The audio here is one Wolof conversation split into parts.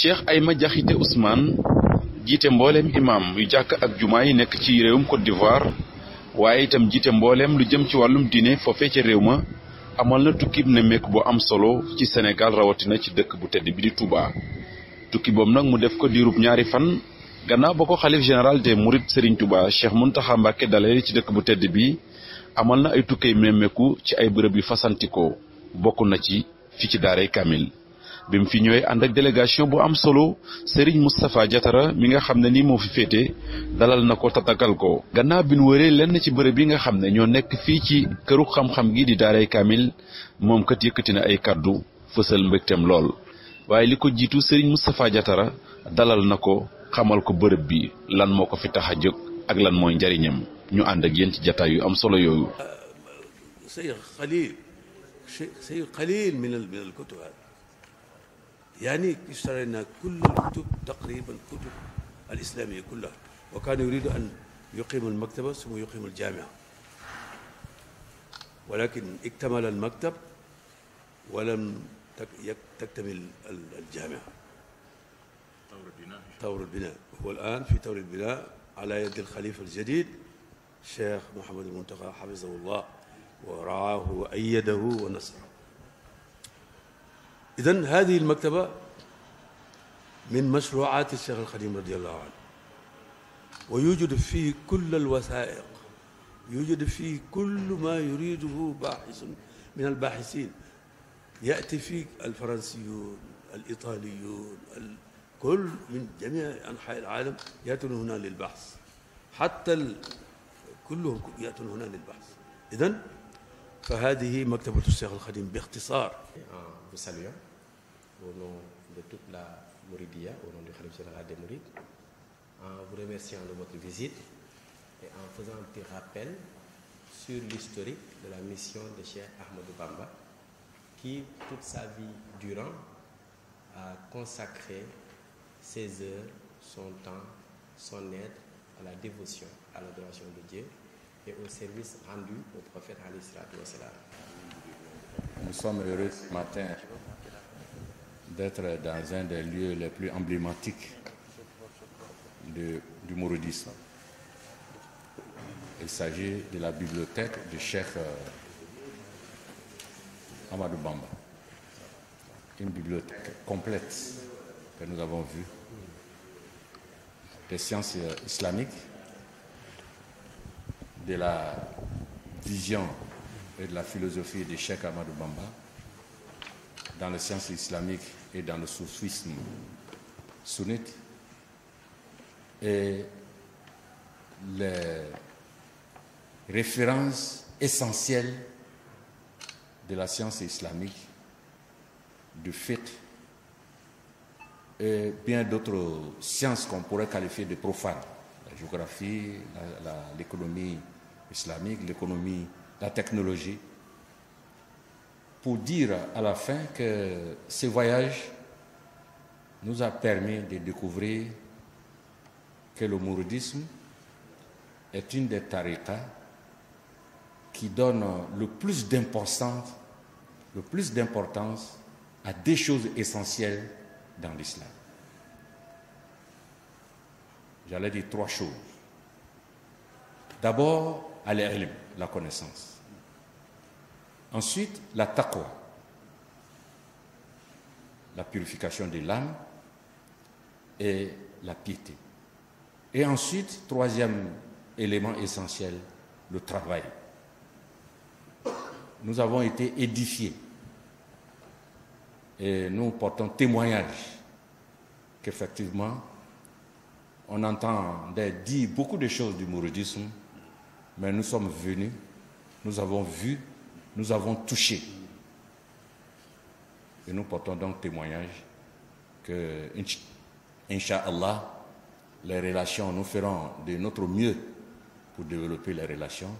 Cheikh Ayma Diakhaté Ousmane jiite mbooleem imaam yu jàkk ak jumaa yi nekk ci réewum Côte d'Ivoire waaye itam jiite mbooleem lu jëm ci wàllum diine foofee ca réew ma amal na tukki nemmeeku bu am solo ci Sénégal rawatina ci dëkk bu tedd bi di Touba tukki boobu nag mu def ko diirub ñaari fan gannaaw ba ko xalif général des Mourides Serigne Touba Cheikh Mountakha Mbacké dalale ci dëkk bu tedd bi amal na ay tukkey nemmeeku ci ay bërëb yu fasantikoo bokk na ci fi ci daaray Kamil. bi mu fi ñëwee ànd ak délégation bu am solo Serigne Moustapha Diatara mi nga xam ne nii moo fi féete dalal na ko tatakal ko gannaaw bi nu wëree lenn ci bërëb yi nga xam ne ñoo nekk fii ci këru xam-xam gi di daaray Kamil moom kat yëkkati na ay kàddu fësal mbégteem lool waaye li ko jiitu sëriñ Moustapha Diatara dalal na ko xamal ko bërëb bi lan moo ko fi tax a jóg ak lan mooy njariñam ñu ànd ak yéen ci jataay yu am solo yooyu. يعني اشترينا كل الكتب تقريبا كتب الإسلامية كلها وكان يريد أن يقيم المكتبة ثم يقيم الجامعة ولكن اكتمل المكتب ولم تكتمل الجامعة طور البناء طور البناء هو الآن في طور البناء على يد الخليفة الجديد الشيخ محمد المنتقى حفظه الله ورعاه وأيده ونصره إذا هذه المكتبة من مشروعات الشيخ الخليم رضي الله عنه ويوجد فيه كل الوثائق يوجد فيه كل ما يريده باحث من الباحثين يأتي فيه الفرنسيون الإيطاليون كل من جميع أنحاء العالم يأتون هنا للبحث حتى ال... كلهم يأتون هنا للبحث إذن فهذه مكتبة الشيخ الخديم باختصار. Vous saluons. au nom de toute la Mouridia, au nom du Khalif général des Mourides, en vous remerciant de votre visite et en faisant un petit sur l'historique de la mission de Cheikh Ahmadou Bamba, qui, toute sa vie durant, a consacré ses heures, son temps, son aide à la dévotion, à l'adoration de Dieu et au service rendu au prophète Ali Nous sommes heureux ce matin d'être dans un des lieux les plus emblématiques de, du mouridisme. Il s'agit de la bibliothèque du Cheikh euh, Amadou Bamba. Une bibliothèque complète que nous avons vue des sciences euh, islamiques, de la vision et de la philosophie du Cheikh Amadou Bamba dans le sciences islamiques et dans le soufisme sunnite. Et les références essentielles de la science islamique, du fait, et bien d'autres sciences qu'on pourrait qualifier de profanes, la géographie, l'économie islamique, l'économie, la technologie, pour dire à la fin que ce voyage nous a permis de découvrir que le mouridisme est une des tariqas qui donne le plus d'importance, le plus d'importance à des choses essentielles dans l'islam. J'allais dire trois choses. D'abord, à l'ilm, la connaissance. Ensuite, la taqwa, la purification de l'âme et la piété. Et ensuite, troisième élément essentiel, le travail. Nous avons été édifiés et nous portons témoignage qu'effectivement, on entend dire beaucoup de choses du mouridisme, mais nous sommes venus, nous avons vu nous avons touché. Et nous portons donc témoignage que, Inch'Allah, les relations, nous ferons de notre mieux pour développer les relations.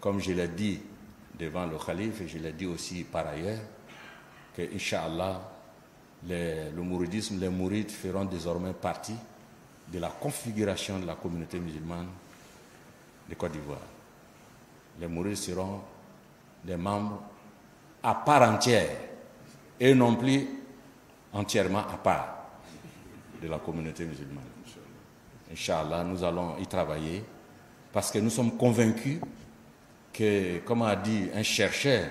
Comme je l'ai dit devant le calife, et je l'ai dit aussi par ailleurs, que, Inch'Allah, les, le mouridisme, les mourides feront désormais partie de la configuration de la communauté musulmane de Côte d'Ivoire. Les mourides seront des membres à part entière et non plus entièrement à part de la communauté musulmane. Inch'Allah, nous allons y travailler parce que nous sommes convaincus que, comme a dit un chercheur,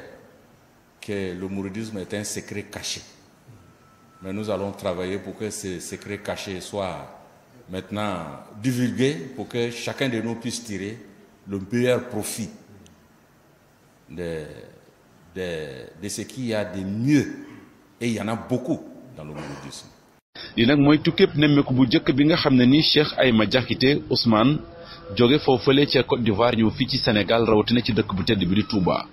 que le mouridisme est un secret caché. Mais nous allons travailler pour que ce secret caché soit maintenant divulgué, pour que chacun de nous puisse tirer le meilleur profit de, nag mooy tukkeeb nemmeeku bu njëkk bi nga xam ne ni Cheikh Ayma Diakité Ousmane jóge foofale ca Côte d'Ivoire ñëw fii ci Sénégal rawatina ci dëkk bu tedd bi di Touba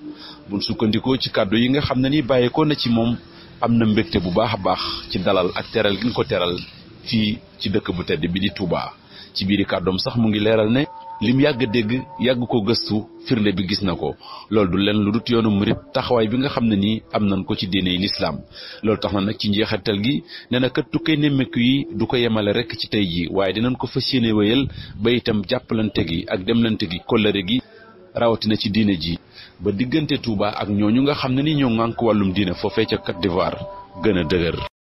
buñ sukkandikoo ci kàddu yi nga xam ne ni bàyyeekoo na ci moom am na mbégte bu baax a baax ci dalal ak teral gi nga ko teral fii ci dëkk bu tedd bi di Touba ci biiri kàddoom sax mu ngi leeral ne. lim yàgg dégg yàggu ko gëstu firnde bi gis na ko loolu du leen lu dut yoonu murit taxawaay bi nga xam ne nii am nañ ko ci diine yi lislaam lool tax na nag ci tel gi nee na kat tukkee nemmeeku yi du ko yemale rek ci tey ji waaye dinañ ko fas yéene wéyal ba itam jàppalante gi ak demlante gi kóllëre gi rawatina ci diine ji ba diggante Touba ak ñoo ñu nga xam ne ni ñoo ŋànk wàllum diine foofee ca Côte d'Ivoire gën a dëgër